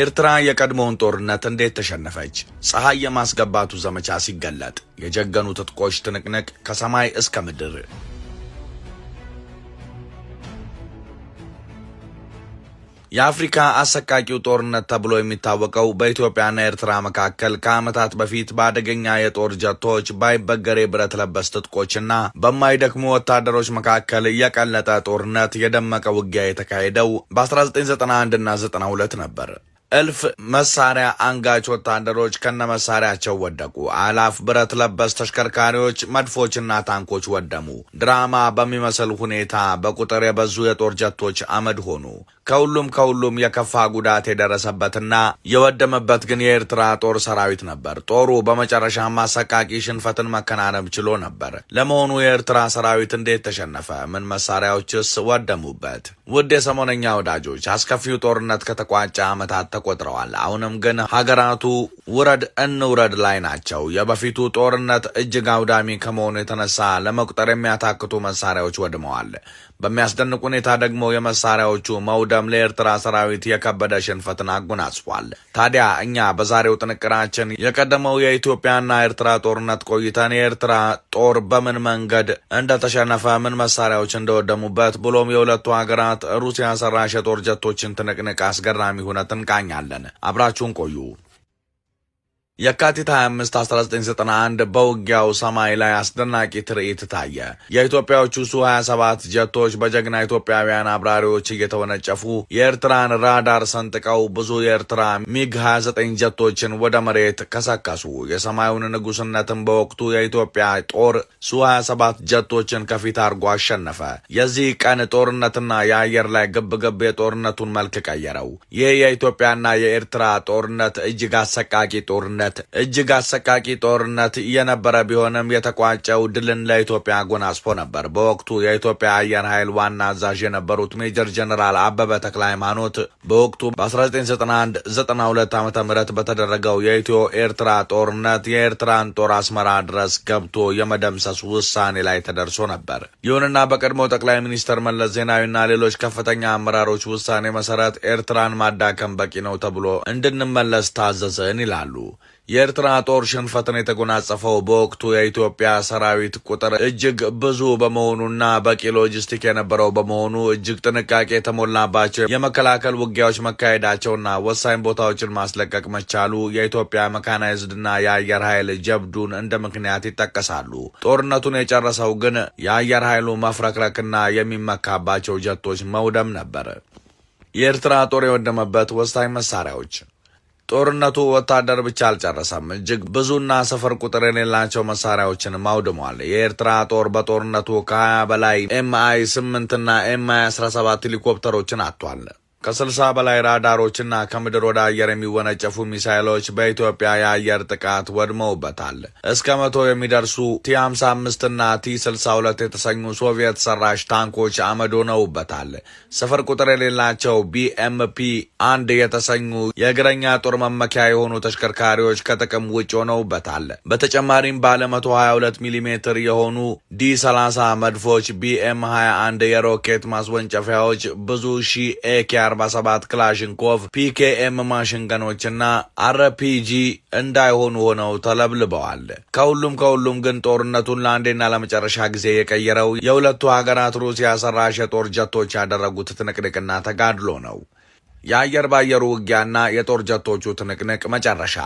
ኤርትራ የቀድሞውን ጦርነት እንዴት ተሸነፈች? ፀሐይ የማስገባቱ ዘመቻ ሲገለጥ የጀገኑ ትጥቆች ትንቅንቅ ከሰማይ እስከ ምድር። የአፍሪካ አሰቃቂው ጦርነት ተብሎ የሚታወቀው በኢትዮጵያና ኤርትራ መካከል ከዓመታት በፊት በአደገኛ የጦር ጀቶች ባይበገሬ ብረት ለበስ ትጥቆችና በማይደክሙ ወታደሮች መካከል የቀለጠ ጦርነት የደመቀ ውጊያ የተካሄደው በ1991ና 92 ነበር። እልፍ መሳሪያ አንጋች ወታደሮች ከነመሳሪያቸው ወደቁ። አላፍ ብረት ለበስ ተሽከርካሪዎች፣ መድፎችና ታንኮች ወደሙ። ድራማ በሚመስል ሁኔታ በቁጥር የበዙ የጦር ጀቶች አመድ ሆኑ። ከሁሉም ከሁሉም የከፋ ጉዳት የደረሰበትና የወደመበት ግን የኤርትራ ጦር ሰራዊት ነበር። ጦሩ በመጨረሻ አሰቃቂ ሽንፈትን መከናነብ ችሎ ነበር። ለመሆኑ የኤርትራ ሰራዊት እንዴት ተሸነፈ? ምን መሳሪያዎችስ ወደሙበት? ውድ የሰሞነኛ ወዳጆች አስከፊው ጦርነት ከተቋጨ ዓመታት ተቆጥረዋል። አሁንም ግን ሀገራቱ ውረድ እንውረድ ላይ ናቸው። የበፊቱ ጦርነት እጅግ አውዳሚ ከመሆኑ የተነሳ ለመቁጠር የሚያታክቱ መሳሪያዎች ወድመዋል። በሚያስደንቅ ሁኔታ ደግሞ የመሳሪያዎቹ መውደም ለኤርትራ ሰራዊት የከበደ ሽንፈትን አጎናጽፏል። ታዲያ እኛ በዛሬው ጥንቅራችን የቀደመው የኢትዮጵያና ኤርትራ ጦርነት ቆይተን የኤርትራ ጦር በምን መንገድ እንደተሸነፈ፣ ምን መሳሪያዎች እንደወደሙበት ብሎም የሁለቱ ሀገራት ሩሲያ ሰራሽ የጦር ጀቶችን ትንቅንቅ አስገራሚ ሁነት እንቃኛለን። አብራችሁን ቆዩ። የካቲት 25 1991 በውጊያው ሰማይ ላይ አስደናቂ ትርኢት ታየ። የኢትዮጵያዎቹ ሱ-27 ጀቶች በጀግና ኢትዮጵያውያን አብራሪዎች እየተወነጨፉ የኤርትራን ራዳር ሰንጥቀው ብዙ የኤርትራ ሚግ 29 ጀቶችን ወደ መሬት ከሰከሱ። የሰማዩን ንጉስነትን በወቅቱ የኢትዮጵያ ጦር ሱ-27 ጀቶችን ከፊት አድርጎ አሸነፈ። የዚህ ቀን ጦርነትና የአየር ላይ ግብግብ የጦርነቱን መልክ ቀየረው። ይህ የኢትዮጵያና የኤርትራ ጦርነት እጅግ አሰቃቂ ጦርነት ጦርነት እጅግ አሰቃቂ ጦርነት የነበረ ቢሆንም የተቋጨው ድልን ለኢትዮጵያ ጎናጽፎ ነበር። በወቅቱ የኢትዮጵያ አየር ኃይል ዋና አዛዥ የነበሩት ሜጀር ጀነራል አበበ ተክለ ሃይማኖት በወቅቱ በ1991 92 ዓ ም በተደረገው የኢትዮ ኤርትራ ጦርነት የኤርትራን ጦር አስመራ ድረስ ገብቶ የመደምሰስ ውሳኔ ላይ ተደርሶ ነበር። ይሁንና በቀድሞው ጠቅላይ ሚኒስትር መለስ ዜናዊና ሌሎች ከፍተኛ አመራሮች ውሳኔ መሰረት ኤርትራን ማዳከም በቂ ነው ተብሎ እንድንመለስ ታዘዘን ይላሉ። የኤርትራ ጦር ሽንፈትን የተጎናጸፈው በወቅቱ የኢትዮጵያ ሰራዊት ቁጥር እጅግ ብዙ በመሆኑና በቂ ሎጂስቲክ የነበረው በመሆኑ እጅግ ጥንቃቄ የተሞላባቸው የመከላከል ውጊያዎች መካሄዳቸውና ወሳኝ ቦታዎችን ማስለቀቅ መቻሉ የኢትዮጵያ መካናይዝድና የአየር ኃይል ጀብዱን እንደ ምክንያት ይጠቀሳሉ። ጦርነቱን የጨረሰው ግን የአየር ኃይሉ መፍረክረክና የሚመካባቸው ጀቶች መውደም ነበር። የኤርትራ ጦር የወደመበት ወሳኝ መሳሪያዎች ጦርነቱ ወታደር ብቻ አልጨረሰም። እጅግ ብዙና ስፍር ቁጥር የሌላቸው መሳሪያዎችንም አውድሟል። የኤርትራ ጦር በጦርነቱ ከ20 በላይ ኤምአይ ስምንትና ኤምአይ 17 ሄሊኮፕተሮችን አጥቷል። ከስልሳ በላይ ራዳሮችና ከምድር ወደ አየር የሚወነጨፉ ሚሳይሎች በኢትዮጵያ የአየር ጥቃት ወድመውበታል። እስከ መቶ የሚደርሱ ቲ 55 እና ቲ 62 የተሰኙ ሶቪየት ሰራሽ ታንኮች አመድ ሆነውበታል። ስፍር ቁጥር የሌላቸው ቢኤምፒ አንድ የተሰኙ የእግረኛ ጦር መመኪያ የሆኑ ተሽከርካሪዎች ከጥቅም ውጭ ሆነውበታል። በተጨማሪም ባለ 122 ሜትር የሆኑ ዲ 30 መድፎች፣ ቢኤም 21 የሮኬት ማስወንጨፊያዎች፣ ብዙ ሺ ኤኪያር AK47 ክላሽንኮቭ ፒኬኤም ማሽንገኖችና አርፒጂ እንዳይሆኑ ሆነው ተለብልበዋል። ከሁሉም ከሁሉም ግን ጦርነቱን ለአንዴና ለመጨረሻ ጊዜ የቀየረው የሁለቱ ሀገራት ሩሲያ ሰራሽ የጦር ጀቶች ያደረጉት ትንቅንቅና ተጋድሎ ነው። የአየር ባየሩ ውጊያና የጦር ጀቶቹ ትንቅንቅ መጨረሻ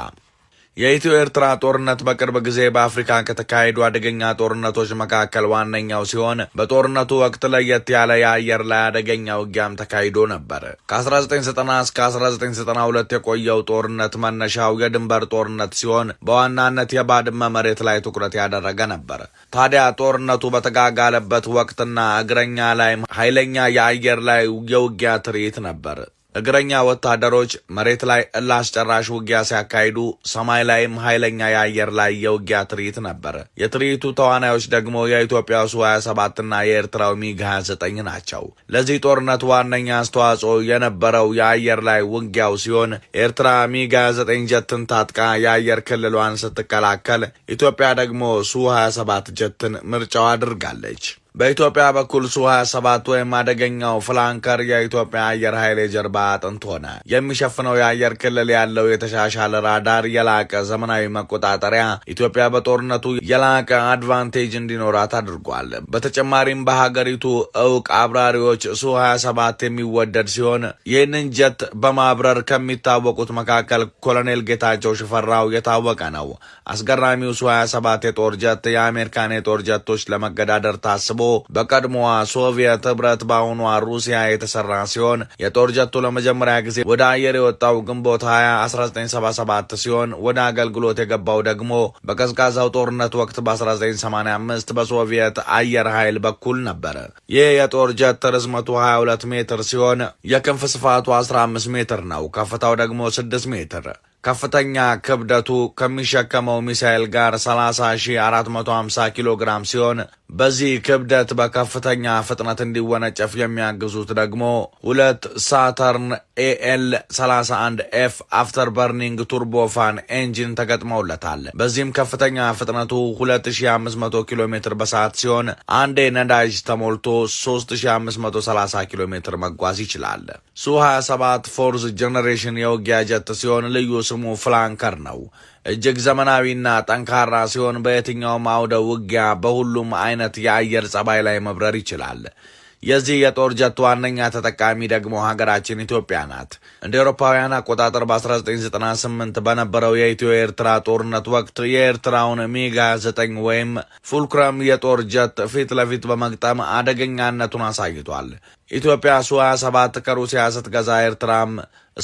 የኢትዮ ኤርትራ ጦርነት በቅርብ ጊዜ በአፍሪካ ከተካሄዱ አደገኛ ጦርነቶች መካከል ዋነኛው ሲሆን በጦርነቱ ወቅት ለየት ያለ የአየር ላይ አደገኛ ውጊያም ተካሂዶ ነበር። ከ1990 እስከ 1992 የቆየው ጦርነት መነሻው የድንበር ጦርነት ሲሆን በዋናነት የባድመ መሬት ላይ ትኩረት ያደረገ ነበር። ታዲያ ጦርነቱ በተጋጋለበት ወቅትና እግረኛ ላይ ኃይለኛ የአየር ላይ የውጊያ ትርኢት ነበር። እግረኛ ወታደሮች መሬት ላይ እላስጨራሽ ውጊያ ሲያካሂዱ፣ ሰማይ ላይም ኃይለኛ የአየር ላይ የውጊያ ትርኢት ነበር። የትርኢቱ ተዋናዮች ደግሞ የኢትዮጵያ ሱ 27ና የኤርትራው ሚግ 29 ናቸው። ለዚህ ጦርነት ዋነኛ አስተዋጽኦ የነበረው የአየር ላይ ውጊያው ሲሆን ኤርትራ ሚግ 29 ጀትን ታጥቃ የአየር ክልሏን ስትከላከል፣ ኢትዮጵያ ደግሞ ሱ 27 ጀትን ምርጫው አድርጋለች። በኢትዮጵያ በኩል ሱ 27 ወይም አደገኛው ፍላንከር የኢትዮጵያ አየር ኃይል የጀርባ አጥንት ሆነ። የሚሸፍነው የአየር ክልል ያለው የተሻሻለ ራዳር፣ የላቀ ዘመናዊ መቆጣጠሪያ ኢትዮጵያ በጦርነቱ የላቀ አድቫንቴጅ እንዲኖራት አድርጓል። በተጨማሪም በሀገሪቱ እውቅ አብራሪዎች ሱ 27 የሚወደድ ሲሆን ይህንን ጀት በማብረር ከሚታወቁት መካከል ኮሎኔል ጌታቸው ሽፈራው የታወቀ ነው። አስገራሚው ሱ 27 የጦር ጀት የአሜሪካን የጦር ጀቶች ለመገዳደር ታስቦ ታስቦ በቀድሞዋ ሶቪየት ህብረት በአሁኗ ሩሲያ የተሰራ ሲሆን የጦር ጀቱ ለመጀመሪያ ጊዜ ወደ አየር የወጣው ግንቦት 20 1977 ሲሆን ወደ አገልግሎት የገባው ደግሞ በቀዝቃዛው ጦርነት ወቅት በ1985 በሶቪየት አየር ኃይል በኩል ነበር። ይህ የጦር ጀት ርዝመቱ 22 ሜትር ሲሆን የክንፍ ስፋቱ 15 ሜትር ነው። ከፍታው ደግሞ 6 ሜትር። ከፍተኛ ክብደቱ ከሚሸከመው ሚሳኤል ጋር 30450 ኪሎ ግራም ሲሆን በዚህ ክብደት በከፍተኛ ፍጥነት እንዲወነጨፍ የሚያግዙት ደግሞ ሁለት ሳተርን ኤኤል 31 ኤፍ አፍተር በርኒንግ ቱርቦፋን ኤንጂን ተገጥመውለታል። በዚህም ከፍተኛ ፍጥነቱ 2500 ኪሎ ሜትር በሰዓት ሲሆን አንዴ ነዳጅ ተሞልቶ 3530 ኪሎ ሜትር መጓዝ ይችላል። ሱ 27 ፎርዝ ጄኔሬሽን የውጊያ ጀት ሲሆን ልዩ ስሙ ፍላንከር ነው። እጅግ ዘመናዊና ጠንካራ ሲሆን በየትኛውም አውደ ውጊያ በሁሉም አይነት የአየር ጸባይ ላይ መብረር ይችላል። የዚህ የጦር ጀት ዋነኛ ተጠቃሚ ደግሞ ሀገራችን ኢትዮጵያ ናት። እንደ አውሮፓውያን አቆጣጠር በ1998 በነበረው የኢትዮ ኤርትራ ጦርነት ወቅት የኤርትራውን ሚግ 29 ወይም ፉልክረም የጦር ጀት ፊት ለፊት በመግጠም አደገኛነቱን አሳይቷል። ኢትዮጵያ ሱ 27 ከሩሲያ ስትገዛ ኤርትራም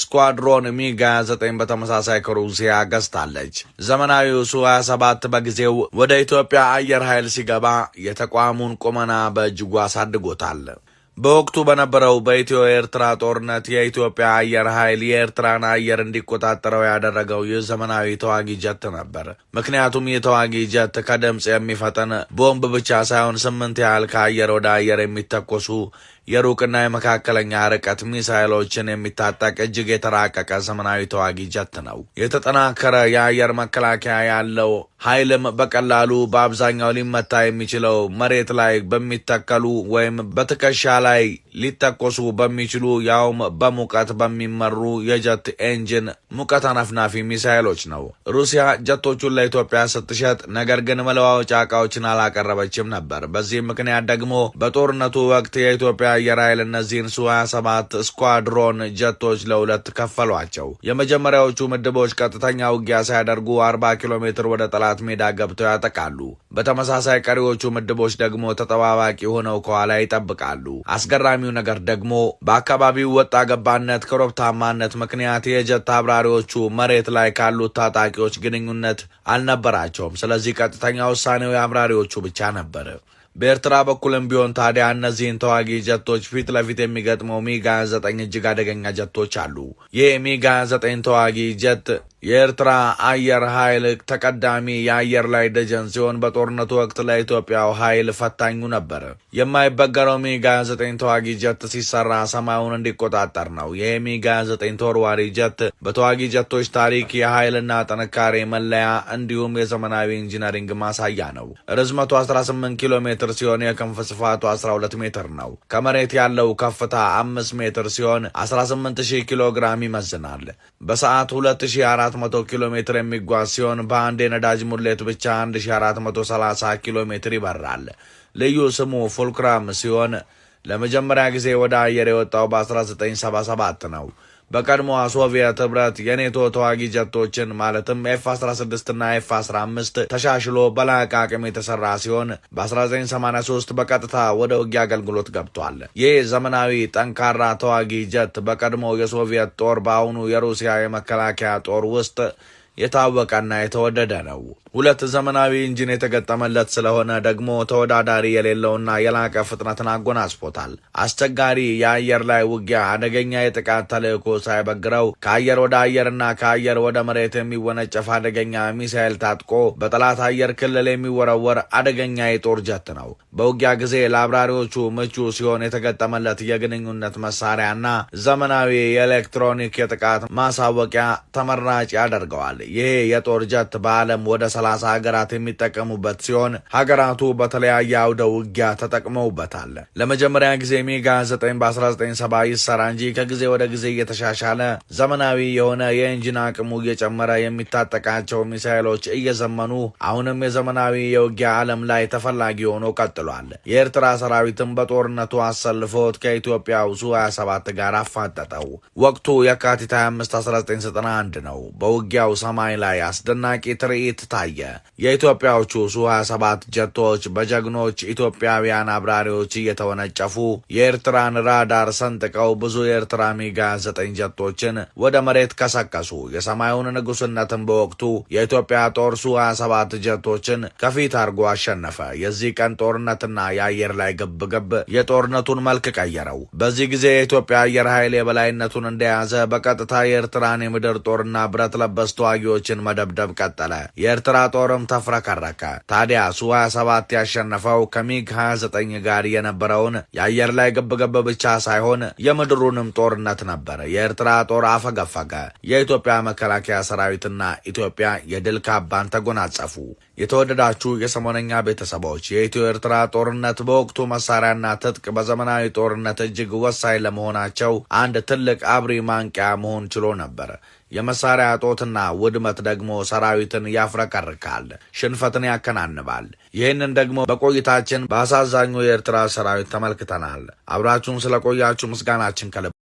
ስኳድሮን ሚግ 29 በተመሳሳይ ከሩሲያ ገዝታለች። ዘመናዊው ሱ 27 በጊዜው ወደ ኢትዮጵያ አየር ኃይል ሲገባ የተቋሙን ቁመና በእጅጉ አሳድጎታል። በወቅቱ በነበረው በኢትዮ ኤርትራ ጦርነት የኢትዮጵያ አየር ኃይል የኤርትራን አየር እንዲቆጣጠረው ያደረገው ይህ ዘመናዊ ተዋጊ ጀት ነበር። ምክንያቱም ይህ ተዋጊ ጀት ከድምፅ የሚፈጥን ቦምብ ብቻ ሳይሆን ስምንት ያህል ከአየር ወደ አየር የሚተኮሱ የሩቅና የመካከለኛ ርቀት ሚሳይሎችን የሚታጠቅ እጅግ የተራቀቀ ዘመናዊ ተዋጊ ጀት ነው። የተጠናከረ የአየር መከላከያ ያለው ኃይልም በቀላሉ በአብዛኛው ሊመታ የሚችለው መሬት ላይ በሚተከሉ ወይም በትከሻ ላይ ሊተኮሱ በሚችሉ ያውም በሙቀት በሚመሩ የጀት ኤንጂን ሙቀት አናፍናፊ ሚሳይሎች ነው። ሩሲያ ጀቶቹን ለኢትዮጵያ ስትሸጥ፣ ነገር ግን መለዋወጫ እቃዎችን አላቀረበችም ነበር። በዚህ ምክንያት ደግሞ በጦርነቱ ወቅት የኢትዮጵያ አየር ኃይል እነዚህን ሱ 27 ስኳድሮን ጀቶች ለሁለት ከፈሏቸው። የመጀመሪያዎቹ ምድቦች ቀጥተኛ ውጊያ ሳያደርጉ 40 ኪሎ ሜትር ወደ ጠላት ሜዳ ገብተው ያጠቃሉ። በተመሳሳይ ቀሪዎቹ ምድቦች ደግሞ ተጠባባቂ ሆነው ከኋላ ይጠብቃሉ። አስገራሚው ነገር ደግሞ በአካባቢው ወጣ ገባነት ኮረብታማነት ምክንያት የጀት አብራሪዎቹ መሬት ላይ ካሉት ታጣቂዎች ግንኙነት አልነበራቸውም። ስለዚህ ቀጥተኛ ውሳኔው የአብራሪዎቹ ብቻ ነበር። በኤርትራ በኩልም ቢሆን ታዲያ እነዚህን ተዋጊ ጀቶች ፊት ለፊት የሚገጥመው ሚግ 29 እጅግ አደገኛ ጀቶች አሉ። ይህ ሚግ 29 ተዋጊ ጀት የኤርትራ አየር ኃይል ተቀዳሚ የአየር ላይ ደጀን ሲሆን በጦርነቱ ወቅት ለኢትዮጵያው ኃይል ፈታኙ ነበር። የማይበገረው ሚግ 29 ተዋጊ ጀት ሲሰራ ሰማዩን እንዲቆጣጠር ነው። ይህ ሚግ 29 ተወርዋሪ ጀት በተዋጊ ጀቶች ታሪክ የኃይልና ጥንካሬ መለያ እንዲሁም የዘመናዊ ኢንጂነሪንግ ማሳያ ነው። ርዝመቱ 18 ኪሎ ሜትር ሲሆን የክንፍ ስፋቱ 12 ሜትር ነው። ከመሬት ያለው ከፍታ 5 ሜትር ሲሆን 18000 ኪሎ ግራም ይመዝናል። በሰዓት 24 100 ኪሎ ሜትር የሚጓዝ ሲሆን በአንድ የነዳጅ ሙሌት ብቻ 1430 ኪሎ ሜትር ይበራል። ልዩ ስሙ ፉልክራም ሲሆን ለመጀመሪያ ጊዜ ወደ አየር የወጣው በ1977 ነው። በቀድሞ ሶቪየት ህብረት የኔቶ ተዋጊ ጀቶችን ማለትም ኤፍ 16 እና ኤፍ 15 ተሻሽሎ በላቀ አቅም የተሰራ ሲሆን በ1983 በቀጥታ ወደ ውጊያ አገልግሎት ገብቷል። ይህ ዘመናዊ ጠንካራ ተዋጊ ጀት በቀድሞ የሶቪየት ጦር በአሁኑ የሩሲያ የመከላከያ ጦር ውስጥ የታወቀና የተወደደ ነው። ሁለት ዘመናዊ ኢንጂን የተገጠመለት ስለሆነ ደግሞ ተወዳዳሪ የሌለውና የላቀ ፍጥነትን አጎናጽፎታል። አስቸጋሪ የአየር ላይ ውጊያ አደገኛ የጥቃት ተልዕኮ ሳይበግረው ከአየር ወደ አየርና ከአየር ወደ መሬት የሚወነጨፍ አደገኛ ሚሳኤል ታጥቆ በጠላት አየር ክልል የሚወረወር አደገኛ የጦር ጀት ነው። በውጊያ ጊዜ ለአብራሪዎቹ ምቹ ሲሆን የተገጠመለት የግንኙነት መሳሪያና ዘመናዊ የኤሌክትሮኒክ የጥቃት ማሳወቂያ ተመራጭ ያደርገዋል። ይህ የጦር ጀት በዓለም ወደ ሰላሳ ሀገራት የሚጠቀሙበት ሲሆን ሀገራቱ በተለያየ አውደ ውጊያ ተጠቅመውበታል። ለመጀመሪያ ጊዜ ሚጋ 9 በ1970 ይሰራ እንጂ ከጊዜ ወደ ጊዜ እየተሻሻለ ዘመናዊ የሆነ የኢንጂን አቅሙ እየጨመረ የሚታጠቃቸው ሚሳይሎች እየዘመኑ አሁንም የዘመናዊ የውጊያ ዓለም ላይ ተፈላጊ ሆኖ ቀጥሏል። የኤርትራ ሰራዊትም በጦርነቱ አሰልፎት ከኢትዮጵያ ሱ 27 ጋር አፋጠጠው። ወቅቱ የካቲት 25 1991 ነው። በውጊያው ሰማይ ላይ አስደናቂ ትርኢት ታየ። የኢትዮጵያዎቹ ሱ-27 ጀቶች በጀግኖች ኢትዮጵያውያን አብራሪዎች እየተወነጨፉ የኤርትራን ራዳር ሰንጥቀው ብዙ የኤርትራ ሚጋ 9 ጀቶችን ወደ መሬት ከሰቀሱ። የሰማዩን ንጉስነትን በወቅቱ የኢትዮጵያ ጦር ሱ-27 ጀቶችን ከፊት አርጎ አሸነፈ። የዚህ ቀን ጦርነትና የአየር ላይ ግብግብ የጦርነቱን መልክ ቀየረው። በዚህ ጊዜ የኢትዮጵያ አየር ኃይል የበላይነቱን እንደያዘ በቀጥታ የኤርትራን የምድር ጦርና ብረት ለበስ ተዋጊ ተዋጊዎችን መደብደብ ቀጠለ። የኤርትራ ጦርም ተፍረከረከ። ታዲያ ሱ 27 ያሸነፈው ከሚግ 29 ጋር የነበረውን የአየር ላይ ግብግብ ብቻ ሳይሆን የምድሩንም ጦርነት ነበር። የኤርትራ ጦር አፈገፈገ። የኢትዮጵያ መከላከያ ሰራዊትና ኢትዮጵያ የድል ካባን ተጎናጸፉ። የተወደዳችሁ የሰሞነኛ ቤተሰቦች የኢትዮ ኤርትራ ጦርነት በወቅቱ መሳሪያና ትጥቅ በዘመናዊ ጦርነት እጅግ ወሳኝ ለመሆናቸው አንድ ትልቅ አብሪ ማንቂያ መሆን ችሎ ነበር። የመሳሪያ እጦትና ውድመት ደግሞ ሰራዊትን ያፍረቀርካል፣ ሽንፈትን ያከናንባል። ይህንን ደግሞ በቆይታችን በአሳዛኙ የኤርትራ ሰራዊት ተመልክተናል። አብራችሁን ስለቆያችሁ ምስጋናችን ከልብ